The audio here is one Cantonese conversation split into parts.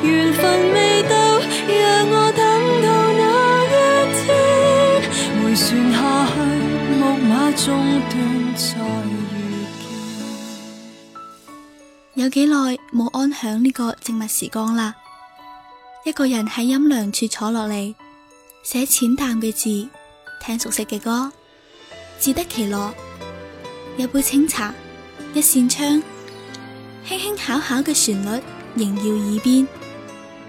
緣分未到，讓我等到那一天，回旋下去，木馬終端再遇見。有幾耐冇安享呢個靜默時光啦？一個人喺陰涼處坐落嚟，寫淺淡嘅字，聽熟悉嘅歌，自得其樂。有杯清茶，一扇窗，輕輕巧巧嘅旋律縈繞耳邊。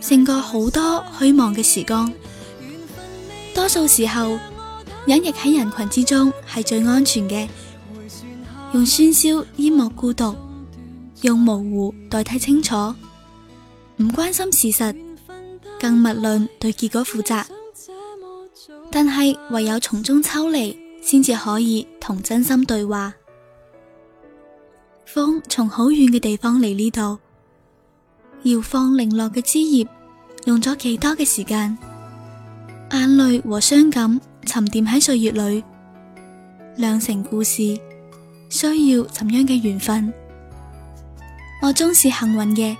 勝過好多虛妄嘅時光，多數時候隱匿喺人群之中係最安全嘅。用喧囂淹沒孤獨，用模糊代替清楚，唔關心事實，更勿論對結果負責。但係唯有從中抽離，先至可以同真心對話。風從好遠嘅地方嚟呢度。搖放零落嘅枝葉，用咗幾多嘅時間？眼淚和傷感沉澱喺歲月裏，釀成故事，需要怎樣嘅緣分？我終是幸運嘅，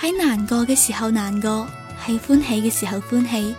喺難過嘅時候難過，喺歡喜嘅時候歡喜。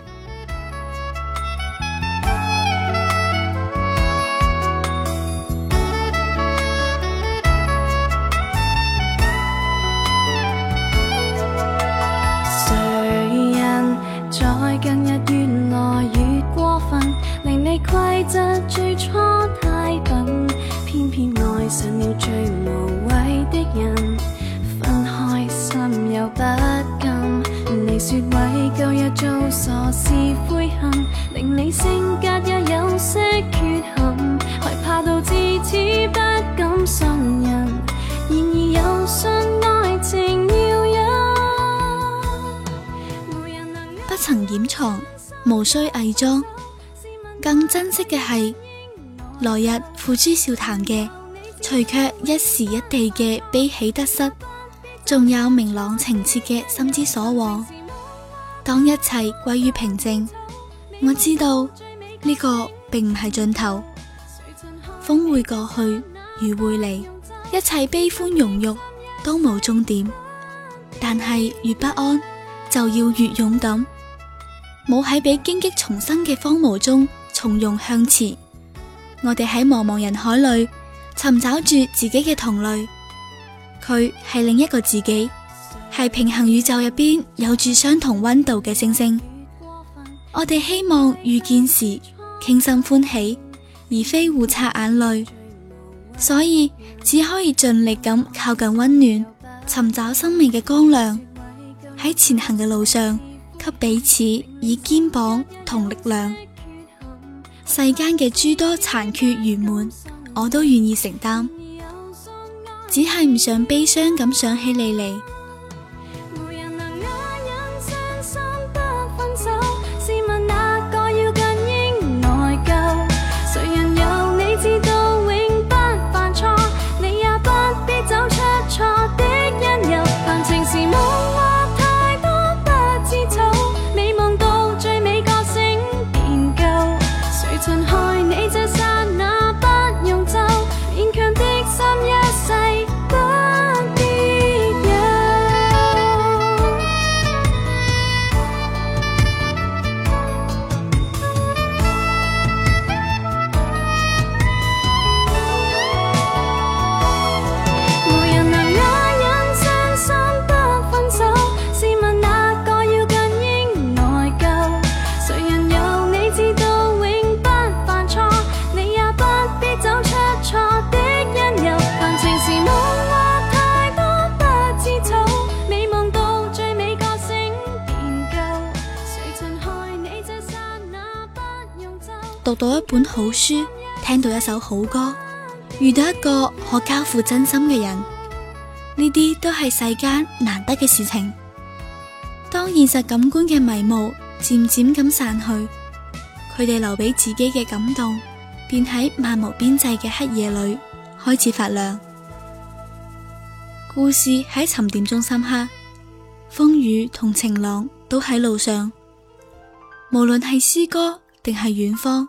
不曾掩藏，無需偽裝，更珍惜嘅係來日付諸笑談嘅，除卻一時一地嘅悲喜得失，仲有明朗情切嘅心之所往。當一切歸於平靜，我知道呢個並唔係盡頭。風會過去，雨會嚟，一切悲歡榮辱都冇終點。但係越不安，就要越勇敢。冇喺被荊棘叢生嘅荒蕪中，從容向前。我哋喺茫茫人海裏尋找住自己嘅同類，佢係另一個自己。係平行宇宙入邊有住相同溫度嘅星星，我哋希望遇見時傾心歡喜，而非互擦眼淚，所以只可以盡力咁靠近溫暖，尋找生命嘅光亮。喺前行嘅路上，給彼此以肩膀同力量。世間嘅諸多殘缺圓滿，我都願意承擔，只係唔想悲傷咁想起你嚟。讀一本好書，聽到一首好歌，遇到一個可交付真心嘅人，呢啲都係世間難得嘅事情。當現實感官嘅迷霧漸漸咁散去，佢哋留俾自己嘅感動，便喺漫無邊際嘅黑夜裏開始發亮。故事喺沉澱中深刻，風雨同晴朗都喺路上，無論係詩歌定係遠方。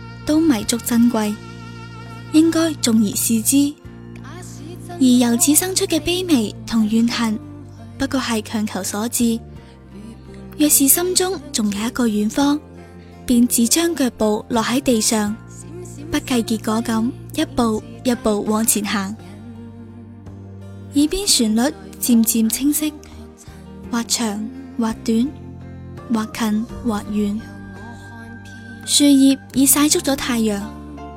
都彌足珍貴，應該重而視之。而由此生出嘅卑微同怨恨，不過係強求所致。若是心中仲有一個遠方，便只將腳步落喺地上，不計結果咁，一步一步往前行。耳邊旋律漸漸清晰，或長或短，或近或遠。樹葉已曬足咗太陽，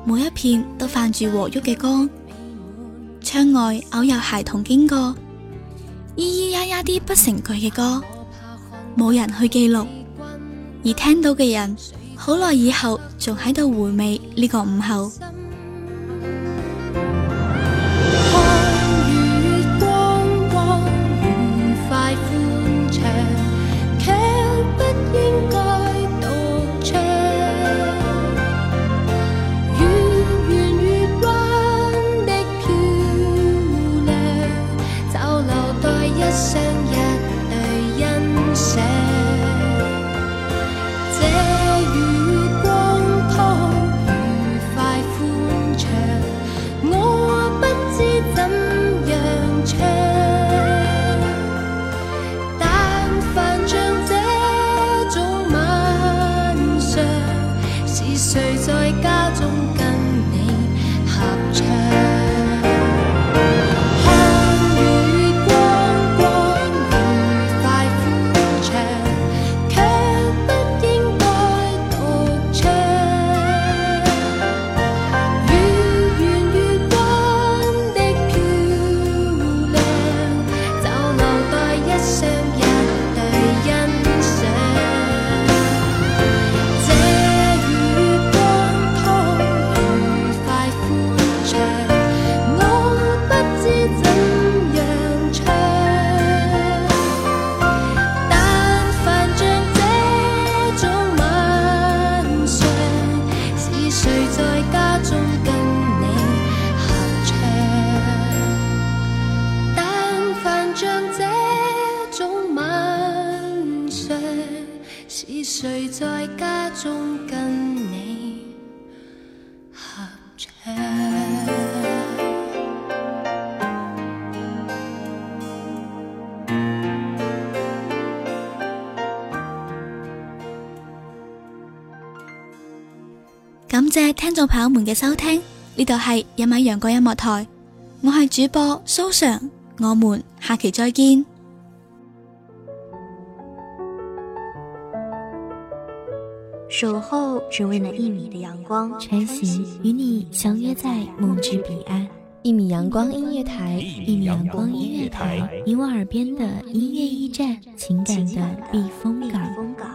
每一片都泛住和郁嘅光。窗外偶有孩童經過，咿咿呀呀啲不成句嘅歌，冇人去記錄，而聽到嘅人，好耐以後仲喺度回味呢個午後。感謝聽眾朋友們嘅收聽，呢度係一米陽光音樂台，我係主播蘇常，我們下期再見。守候只為那一米的陽光，晨曦與你相約在夢之彼岸。一米陽光音樂台，一米陽光音樂台，你我耳邊的音樂驛站，情感的避風港。